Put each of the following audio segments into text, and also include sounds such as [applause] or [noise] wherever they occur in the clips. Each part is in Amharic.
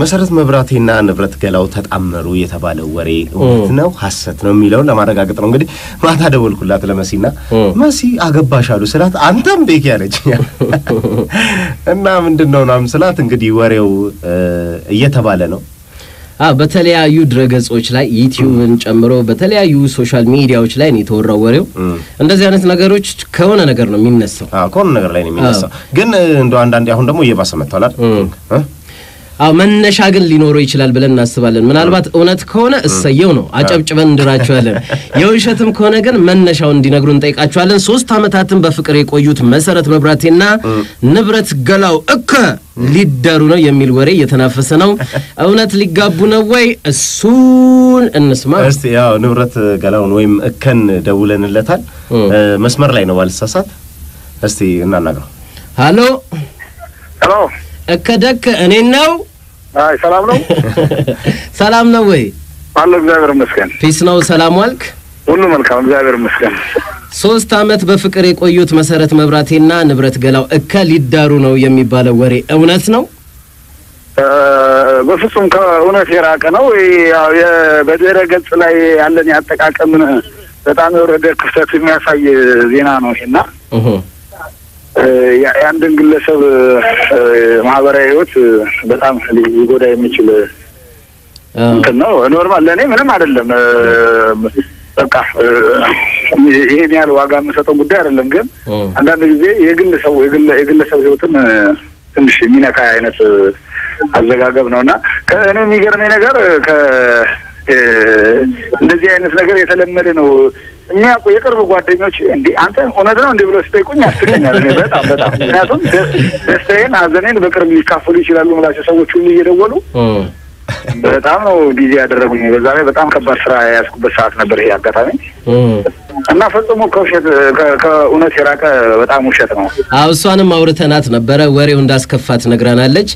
መሰረት መብራቴና ንብረት ገላው ተጣመሩ የተባለው ወሬ እውነት ነው ሀሰት ነው የሚለውን ለማረጋገጥ ነው። እንግዲህ ማታ ደወልኩላት ለመሲና መሲ አገባሽ አሉ ስላት አንተም ቤክ ያለችኛ [laughs] እና ምንድን ነው ናም ስላት እንግዲህ ወሬው እየተባለ ነው በተለያዩ ድረገጾች ላይ ዩቲዩብን ጨምሮ በተለያዩ ሶሻል ሚዲያዎች ላይ ነው የተወራው ወሬው። እንደዚህ አይነት ነገሮች ከሆነ ነገር ነው የሚነሳው፣ ከሆነ ነገር ላይ ነው የሚነሳው። ግን እንደ አንዳንዴ አሁን ደግሞ እየባሰ መጥቷል አይደል አዎ መነሻ ግን ሊኖረው ይችላል ብለን እናስባለን። ምናልባት እውነት ከሆነ እሰየው ነው፣ አጨብጭበን እንድራቸዋለን። የውሸትም ከሆነ ግን መነሻውን እንዲነግሩ እንጠይቃቸዋለን። ሶስት ዓመታትን በፍቅር የቆዩት መሰረት መብራቴና ንብረት ገላው እከ ሊደሩ ነው የሚል ወሬ እየተናፈሰ ነው። እውነት ሊጋቡ ነው ወይ? እሱን እንስማ እስቲ። ያው ንብረት ገላውን ወይም እከን ደውለንለታል። መስመር ላይ ነው ባልሳሳት። እስቲ እናናግረው። ሀሎ ሀሎ እከደክ እኔ ነው? አይ ሰላም ነው። [laughs] ሰላም ነው ወይ? አለ እግዚአብሔር ይመስገን። ፒስ ነው። ሰላም ዋልክ? ሁሉ መልካም እግዚአብሔር ይመስገን። ሶስት አመት በፍቅር የቆዩት መሰረት መብራቴና ንብረት ገላው እከ ሊዳሩ ነው የሚባለው ወሬ እውነት ነው? በፍጹም ከእውነት የራቀ ነው። በድረ ገጽ ላይ ያለን ያጠቃቀምን በጣም የወረደ ክፍተት የሚያሳይ ዜና ነው ይሄና የአንድን ግለሰብ ማህበራዊ ህይወት በጣም ሊጎዳ የሚችል እንትን ነው። ኖርማል ለእኔ ምንም አይደለም። በቃ ይሄን ያህል ዋጋ የምሰጠው ጉዳይ አይደለም። ግን አንዳንድ ጊዜ የግል የግለሰብ ህይወትን ትንሽ የሚነካ አይነት አዘጋገብ ነው እና ከእኔ የሚገርመኝ ነገር እንደዚህ አይነት ነገር የተለመደ ነው። የሚያውቁ የቅርብ ጓደኞች እንዲ አንተ እውነት ነው እንዲህ ብሎ ሲጠይቁኝ ያስቀኛል። በጣም በጣም ምክንያቱም ደስታዬን፣ ሀዘኔን በቅርብ ሊካፈሉ ይችላሉ ምላቸው ሰዎች ሁሉ እየደወሉ በጣም ነው ጊዜ ያደረጉኝ። በዛ ላይ በጣም ከባድ ስራ የያዝኩበት ሰዓት ነበር ይሄ አጋጣሚ እና ፈጽሞ ከውሸት ከእውነት የራቀ በጣም ውሸት ነው። አዎ እሷንም አውርተናት ነበረ። ወሬው እንዳስከፋት ነግራናለች።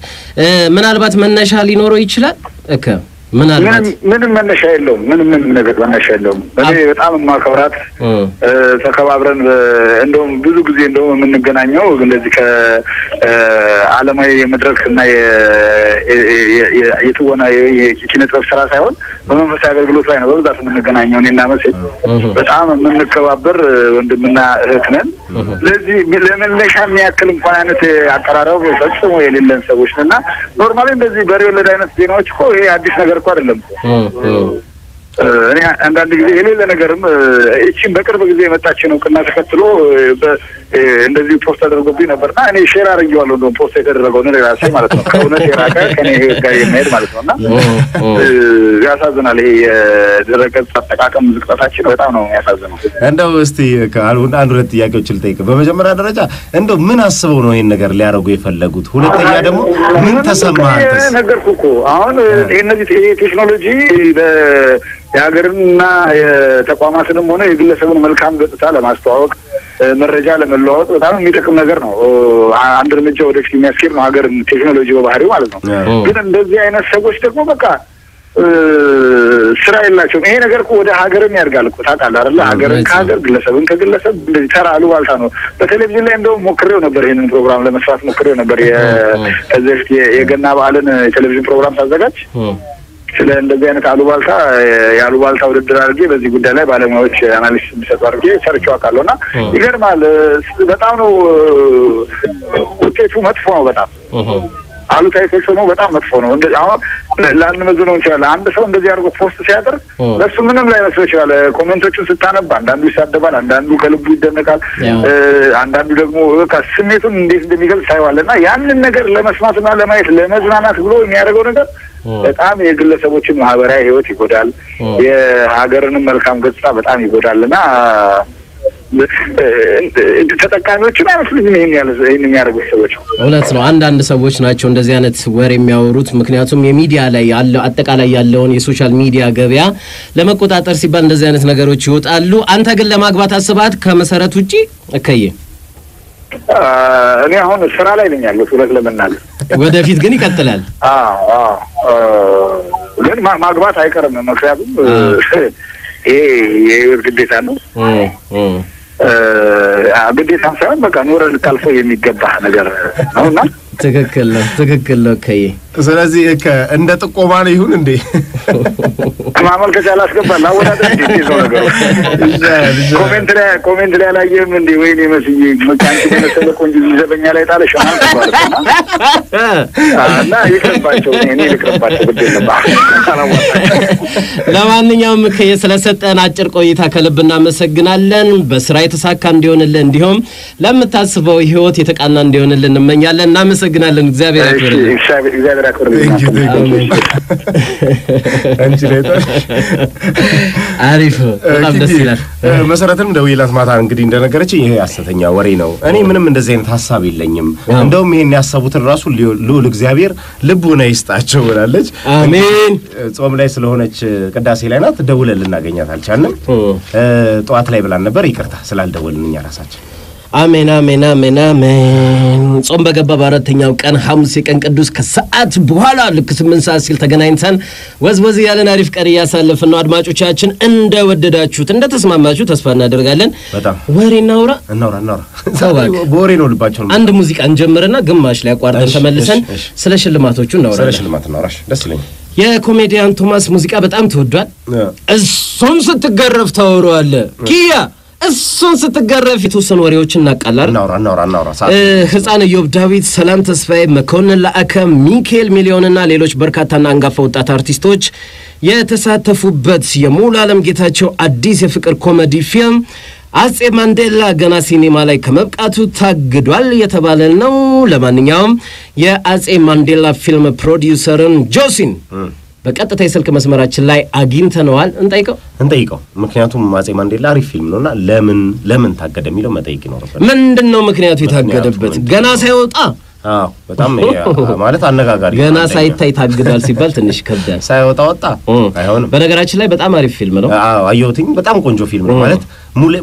ምናልባት መነሻ ሊኖረው ይችላል እከ ምናልባት ምንም መነሻ የለውም። ምንም ምንም ነገር መነሻ የለውም። እኔ በጣም የማከብራት ተከባብረን፣ እንደውም ብዙ ጊዜ እንደውም የምንገናኘው እንደዚህ ከዓለማዊ የመድረክ እና የትወና የኪነ ጥበብ ስራ ሳይሆን በመንፈሳዊ አገልግሎት ላይ ነው በብዛት የምንገናኘው። እኔና መሴ በጣም የምንከባበር ወንድምና እህት ነን። ስለዚህ ለመነሻ የሚያክል እንኳን አይነት አቀራረብ ፈጽሞ የሌለን ሰዎች ነና ኖርማሊ እንደዚህ በሬ ወለድ አይነት ዜናዎች እኮ ይሄ አዲስ ነገር இருப்பார் இல்லை እኔ አንዳንድ ጊዜ የሌለ ነገርም እቺን በቅርብ ጊዜ የመጣችን እውቅና ተከትሎ እንደዚህ ፖስት አድርጎብኝ ነበርና እኔ ሼር አድርጌዋለሁ። እንደውም ፖስት የተደረገውን ራሴ ማለት ነው ከእውነት የራቀ ከኔ ጋር የሚሄድ ማለት ነው እና ያሳዝናል። ይሄ የድረገጽ አጠቃቀም ዝቅጠታችን በጣም ነው ያሳዝነው። እንደው እስቲ አንድ ሁለት ጥያቄዎች ልጠይቅ። በመጀመሪያ ደረጃ እንደው ምን አስበው ነው ይህን ነገር ሊያደርጉ የፈለጉት? ሁለተኛ ደግሞ ምን ተሰማ? ነገርኩ እኮ አሁን ይህ ቴክኖሎጂ የሀገርንና የተቋማትንም ሆነ የግለሰብን መልካም ገጽታ ለማስተዋወቅ መረጃ ለመለዋወጥ በጣም የሚጠቅም ነገር ነው። አንድ እርምጃ ወደፊት የሚያስኬድ ነው ሀገርን ቴክኖሎጂ በባህሪው ማለት ነው። ግን እንደዚህ አይነት ሰዎች ደግሞ በቃ ስራ የላቸውም። ይሄ ነገር እኮ ወደ ሀገርም ያድጋል እኮ ታውቃለህ አይደለ? ሀገርን ከሀገር ግለሰብን ከግለሰብ እንደዚህ ተራ አሉባልታ ነው። በቴሌቪዥን ላይ እንደውም ሞክሬው ነበር፣ ይህንን ፕሮግራም ለመስራት ሞክሬው ነበር። ከዚህ በፊት የገና በዓልን የቴሌቪዥን ፕሮግራም ሳዘጋጅ ስለ እንደዚህ አይነት አሉባልታ የአሉባልታ ውድድር አድርጌ በዚህ ጉዳይ ላይ ባለሙያዎች አናሊስት እንዲሰጡ አድርጌ ሰርቼ አውቃለሁ እና ይገርማል። በጣም ነው ውጤቱ መጥፎ ነው። በጣም አሉታዊ ተጽዕኖ በጣም መጥፎ ነው። አሁን ላንመዝነው እንችላለን። አንድ ሰው እንደዚህ አድርጎ ፖስት ሲያደርግ ለሱ ምንም ላይመስለው ይችላል። ኮሜንቶቹን ስታነባ አንዳንዱ ይሳደባል፣ አንዳንዱ ከልቡ ይደነቃል፣ አንዳንዱ ደግሞ ስሜቱን እንዴት እንደሚገልጽ ታይዋለህ እና ያንን ነገር ለመስማትና ለማየት ለመዝናናት ብሎ የሚያደርገው ነገር በጣም የግለሰቦችን ማህበራዊ ህይወት ይጎዳል፣ የሀገርንም መልካም ገጽታ በጣም ይጎዳል እና ተጠቃሚዎችን አይመስልኝም ይህን የሚያደርጉት ሰዎች። እውነት ነው። አንዳንድ ሰዎች ናቸው እንደዚህ አይነት ወር የሚያወሩት። ምክንያቱም የሚዲያ ላይ ያለው አጠቃላይ ያለውን የሶሻል ሚዲያ ገበያ ለመቆጣጠር ሲባል እንደዚህ አይነት ነገሮች ይወጣሉ። አንተ ግን ለማግባት አስባት ከመሰረት ውጪ? እከየ እኔ አሁን ስራ ላይ ነኝ ያለሁት እውነት ለመናገር። ወደፊት ግን ይቀጥላል። አዎ አዎ ግን ማግባት አይቀርም። ምክንያቱም [laughs] ይሄ ግዴታ ነው። ግዴታም ሳይሆን በቃ ኑረን ልታልፈው የሚገባ ነገር ነው እና ትክክል ነው። ትክክል ነው ከዬ ስለዚህ እንደ ጥቆማ ነው ይሁን እንዴ? ማመልከቻ አላስገባል አወዳደር እንዴ ነገሩ? ኮሜንት ላይ ኮሜንት ላይ አላየህም እንዴ? ወይኔ መስዬ አንቺ የመሰለ ቆንጆ ዘበኛ ላይ ጣለሽ እና ይቅርባቸው፣ እኔ ለማንኛውም ከየ ስለሰጠን አጭር ቆይታ ከልብ እናመሰግናለን። በስራ የተሳካ እንዲሆንልን እንዲሁም ለምታስበው ህይወት የተቃና እንዲሆንልን እንመኛለን። እናመሰግናለን። እግዚአብሔር ያክብርልን። እግዚአብሔር ያክብርልኝ። አንቺ አሪፍ በጣም ደስ ይላል። መሰረትም ደውዬላት ማታ እንግዲህ እንደነገረች ይሄ ሐሰተኛ ወሬ ነው፣ እኔ ምንም እንደዚህ አይነት ሀሳብ የለኝም፣ እንደውም ይሄን ያሰቡትን ራሱ ልዑል እግዚአብሔር ልቡና ይስጣቸው ብላለች። አሜን። ጾም ላይ ስለሆነች ቅዳሴ ላይ ናት፣ ደውለን ልናገኛት አልቻልንም። ጠዋት ላይ ብላን ነበር። ይቅርታ ስላልደወልን እኛ ራሳችን አሜን አሜን አሜን አሜን። ጾም በገባ በአራተኛው ቀን ሐሙስ የቀን ቅዱስ ከሰዓት በኋላ ልክ ስምንት ሰዓት ሲል ተገናኝተን ወዝወዝ እያለን አሪፍ ቀን እያሳለፍን ነው። አድማጮቻችን እንደወደዳችሁት እንደተስማማችሁ ተስፋ እናደርጋለን። ወሬ እናውራ እናውራ እናውራ [laughs] ወሬ ነው ልባቸው። አንድ ሙዚቃ እንጀምርና ግማሽ ላይ አቋርጠን ተመልሰን ስለ ሽልማቶቹ እናውራ። ስለ ሽልማት እናውራሽ ደስ ይለኛል። የኮሜዲያን ቶማስ ሙዚቃ በጣም ተወዷል። እሱም ስትገረፍ ታወረዋለ ኪያ እሱን ስትገረፍ የተወሰኑ ወሬዎችን እናቃላል። ህፃን ኢዮብ ዳዊት፣ ሰላም ተስፋዬ፣ መኮንን ለአከ፣ ሚካኤል ሚሊዮንና ሌሎች በርካታና አንጋፋ ወጣት አርቲስቶች የተሳተፉበት የሙሉ ዓለም ጌታቸው አዲስ የፍቅር ኮሜዲ ፊልም አጼ ማንዴላ ገና ሲኔማ ላይ ከመብቃቱ ታግዷል የተባለ ነው። ለማንኛውም የአጼ ማንዴላ ፊልም ፕሮዲውሰርን ጆሲን በቀጥታ የስልክ መስመራችን ላይ አግኝተነዋል። እንጠይቀው እንጠይቀው። ምክንያቱም አጼ ማንዴላ አሪፍ ፊልም ነውና ለምን ለምን ታገደ የሚለው መጠይቅ ይኖርበት። ምንድን ነው ምክንያቱ የታገደበት? ገና ሳይወጣ በጣም ማለት አነጋጋሪ ገና ሳይታይ ታግዳል ሲባል ትንሽ ከብዳል። ሳይወጣ ወጣ አይሆንም። በነገራችን ላይ በጣም አሪፍ ፊልም ነው፣ አየሁትኝ። በጣም ቆንጆ ፊልም ነው ማለት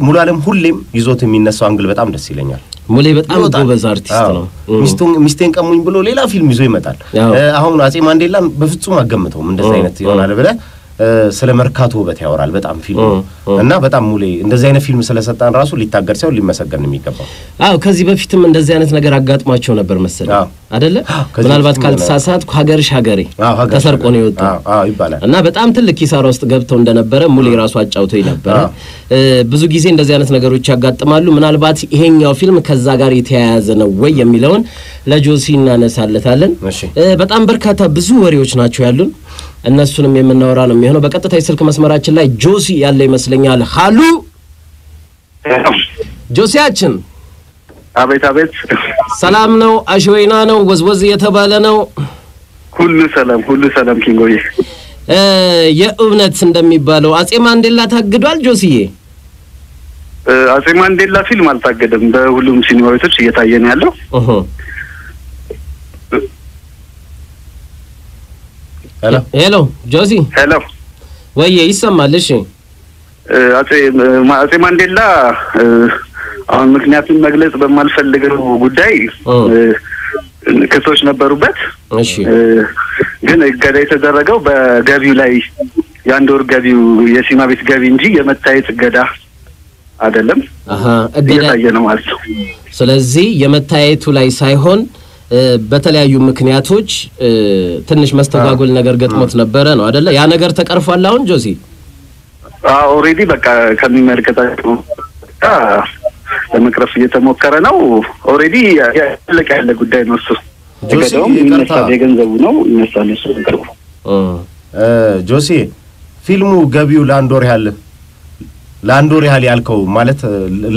ሙሉ አለም ሁሌም ይዞት የሚነሳው አንግል በጣም ደስ ይለኛል። ሙሌ በጣም ጎበዝ አርቲስት ነው። ሚስቴን ቀሙኝ ብሎ ሌላ ፊልም ይዞ ይመጣል። አሁን አጼ ማንዴላን በፍጹም አገምተውም እንደዚህ አይነት ይሆናል ብለህ ስለ መርካቶ ውበት ያወራል በጣም ፊልሙ እና በጣም ሙሌ እንደዚህ አይነት ፊልም ስለሰጣን ራሱ ሊታገር ሳይሆን ሊመሰገን የሚገባው። አዎ ከዚህ በፊትም እንደዚህ አይነት ነገር አጋጥሟቸው ነበር መሰለ አይደለ? ምናልባት ካልተሳሳት ሀገርሽ ሀገሬ ተሰርቆ ነው የወጣው ይባላል እና በጣም ትልቅ ኪሳራ ውስጥ ገብተው እንደነበረ ሙሌ ራሱ አጫውቶኝ ነበረ። ብዙ ጊዜ እንደዚህ አይነት ነገሮች ያጋጥማሉ። ምናልባት ይሄኛው ፊልም ከዛ ጋር የተያያዘ ነው ወይ የሚለውን ለጆሲ እናነሳለታለን። በጣም በርካታ ብዙ ወሬዎች ናቸው ያሉን። እነሱንም የምናወራ ነው የሚሆነው። በቀጥታ የስልክ መስመራችን ላይ ጆሲ ያለ ይመስለኛል። ሀሉ ጆሲያችን። አቤት አቤት። ሰላም ነው? አሽወይና ነው? ወዝወዝ የተባለ ነው? ሁሉ ሰላም፣ ሁሉ ሰላም ኪንጎዬ። የእውነት እንደሚባለው አጼ ማንዴላ ታግዷል ጆሲዬ? አጼ ማንዴላ ፊልም አልታገደም። በሁሉም ሲኒማ ቤቶች እየታየ ነው ያለው። ሄሎ ጆሲ ሄሎ ወዬ ይሰማል እሺ አጼ ማንዴላ አሁን ምክንያቱም መግለጽ በማልፈልገው ጉዳይ ክሶች ነበሩበት ግን እገዳ የተደረገው በገቢው ላይ የአንድ ወር ገቢው የሲማ ቤት ገቢ እንጂ የመታየት እገዳ አይደለም እየታየ ነው ማለት ነው ስለዚህ የመታየቱ ላይ ሳይሆን በተለያዩ ምክንያቶች ትንሽ መስተጓጎል ነገር ገጥሞት ነበረ ነው አደለ? ያ ነገር ተቀርፏል አሁን ጆሲ? ኦሬዲ በቃ ከሚመለከታቸው ለመቅረፍ እየተሞከረ ነው። ኦሬዲ ያለቀ ያለ ጉዳይ ነው። እሱ የገንዘቡ ነው ይነሳል። እሱ ቅርቡ ጆሲ፣ ፊልሙ ገቢው ለአንድ ወር ያህል ለአንድ ወር ያህል ያልከው ማለት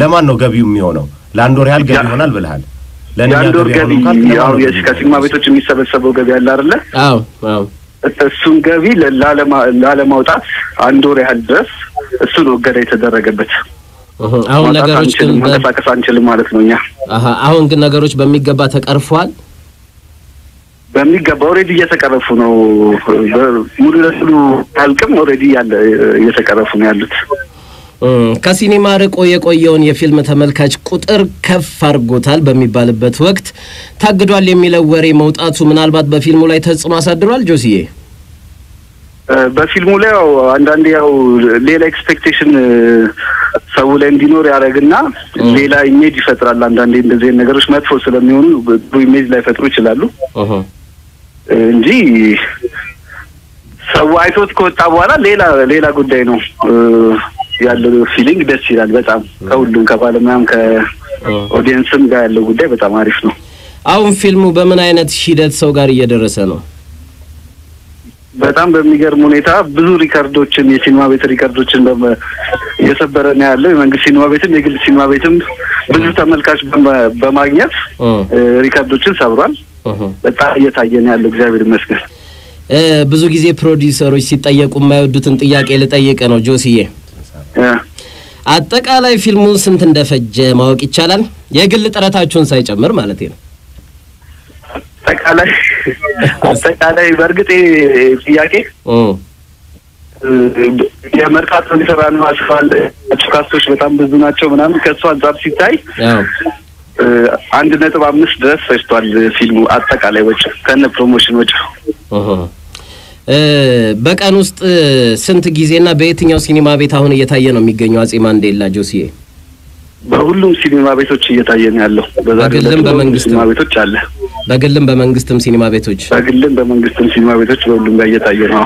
ለማን ነው ገቢው የሚሆነው? ለአንድ ወር ያህል ገቢ ይሆናል ብልሃል። ለአንድ ገቢ ያው ከሲግማ ቤቶች የሚሰበሰበው ገቢ አለ አይደለ? አዎ አዎ። እሱን ገቢ ላለማውጣት አንድ ወር ያህል ድረስ እሱ ነው እገዳ የተደረገበት። አሁን ነገሮች ግን መንቀሳቀስ አንችልም ማለት ነው እኛ። አሁን ግን ነገሮች በሚገባ ተቀርፏል። በሚገባ ኦልሬዲ እየተቀረፉ ነው። ሙሉ ለሙሉ አልቅም ኦልሬዲ እየተቀረፉ ነው ያሉት። ከሲኒማ ርቆ የቆየውን የፊልም ተመልካች ቁጥር ከፍ አድርጎታል በሚባልበት ወቅት ታግዷል የሚለው ወሬ መውጣቱ ምናልባት በፊልሙ ላይ ተጽዕኖ አሳድሯል። ጆሲዬ፣ በፊልሙ ላይ ያው አንዳንድ ያው ሌላ ኤክስፔክቴሽን ሰው ላይ እንዲኖር ያደረግና ሌላ ኢሜጅ ይፈጥራል። አንዳንዴ እንደዚህ ነገሮች መጥፎ ስለሚሆኑ ብዙ ኢሜጅ ላይ ፈጥሩ ይችላሉ እንጂ ሰው አይቶት ከወጣ በኋላ ሌላ ሌላ ጉዳይ ነው። ያለው ፊሊንግ ደስ ይላል በጣም ከሁሉም ከባለሙያም ከኦዲየንስም ጋር ያለው ጉዳይ በጣም አሪፍ ነው። አሁን ፊልሙ በምን አይነት ሂደት ሰው ጋር እየደረሰ ነው? በጣም በሚገርም ሁኔታ ብዙ ሪከርዶችን የሲኒማ ቤት ሪከርዶችን እየሰበረ ነው ያለው። የመንግስት ሲኒማ ቤትም የግል ሲኒማ ቤትም ብዙ ተመልካች በማግኘት ሪከርዶችን ሰብሯል። በጣም እየታየ ነው ያለው። እግዚአብሔር ይመስገን። ብዙ ጊዜ ፕሮዲውሰሮች ሲጠየቁ የማይወዱትን ጥያቄ ልጠይቅ ነው ጆሲዬ አጠቃላይ ፊልሙ ስንት እንደፈጀ ማወቅ ይቻላል? የግል ጥረታችሁን ሳይጨምር ማለት ነው። አጠቃላይ አጠቃላይ በእርግጥ ጥያቄ የመርካቶ ሊሰራ ነው አስፋል ካስቶች በጣም ብዙ ናቸው ምናምን ከእሱ አንጻር ሲታይ አንድ ነጥብ አምስት ድረስ ፈጅቷል ፊልሙ አጠቃላይ ወጪ ከነ ፕሮሞሽን ወጪ በቀን ውስጥ ስንት ጊዜና በየትኛው ሲኒማ ቤት አሁን እየታየ ነው የሚገኘው አጼ ማንዴላ ጆሲዬ? በሁሉም ሲኒማ ቤቶች እየታየ ነው ያለው። በግልም በመንግስት ሲኒማ ቤቶች አለ። በግልም በመንግስትም ሲኒማ ቤቶች በግልም በመንግስትም ሲኒማ ቤቶች በሁሉም ጋር እየታየ ነው።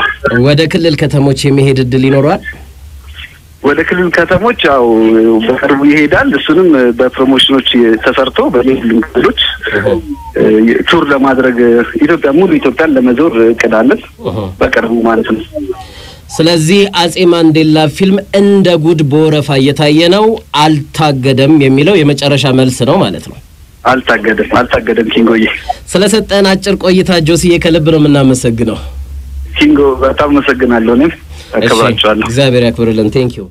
ወደ ክልል ከተሞች የሚሄድ እድል ይኖረዋል? ወደ ክልል ከተሞች ያው በቅርቡ ይሄዳል። እሱንም በፕሮሞሽኖች ተሰርቶ በሁሉም ክልሎች ቱር ለማድረግ ኢትዮጵያ ሙሉ ኢትዮጵያን ለመዞር እቅዳለን በቅርቡ ማለት ነው። ስለዚህ አጼ ማንዴላ ፊልም እንደ ጉድ በወረፋ እየታየ ነው፣ አልታገደም የሚለው የመጨረሻ መልስ ነው ማለት ነው። አልታገደም፣ አልታገደም። ኪንጎዬ ስለሰጠን አጭር ቆይታ ጆስዬ ከልብ ነው የምናመሰግነው። ኪንጎ በጣም አመሰግናለሁ እኔም አከብራችኋለሁ። እግዚአብሔር ያክብርልን። ቴንኪው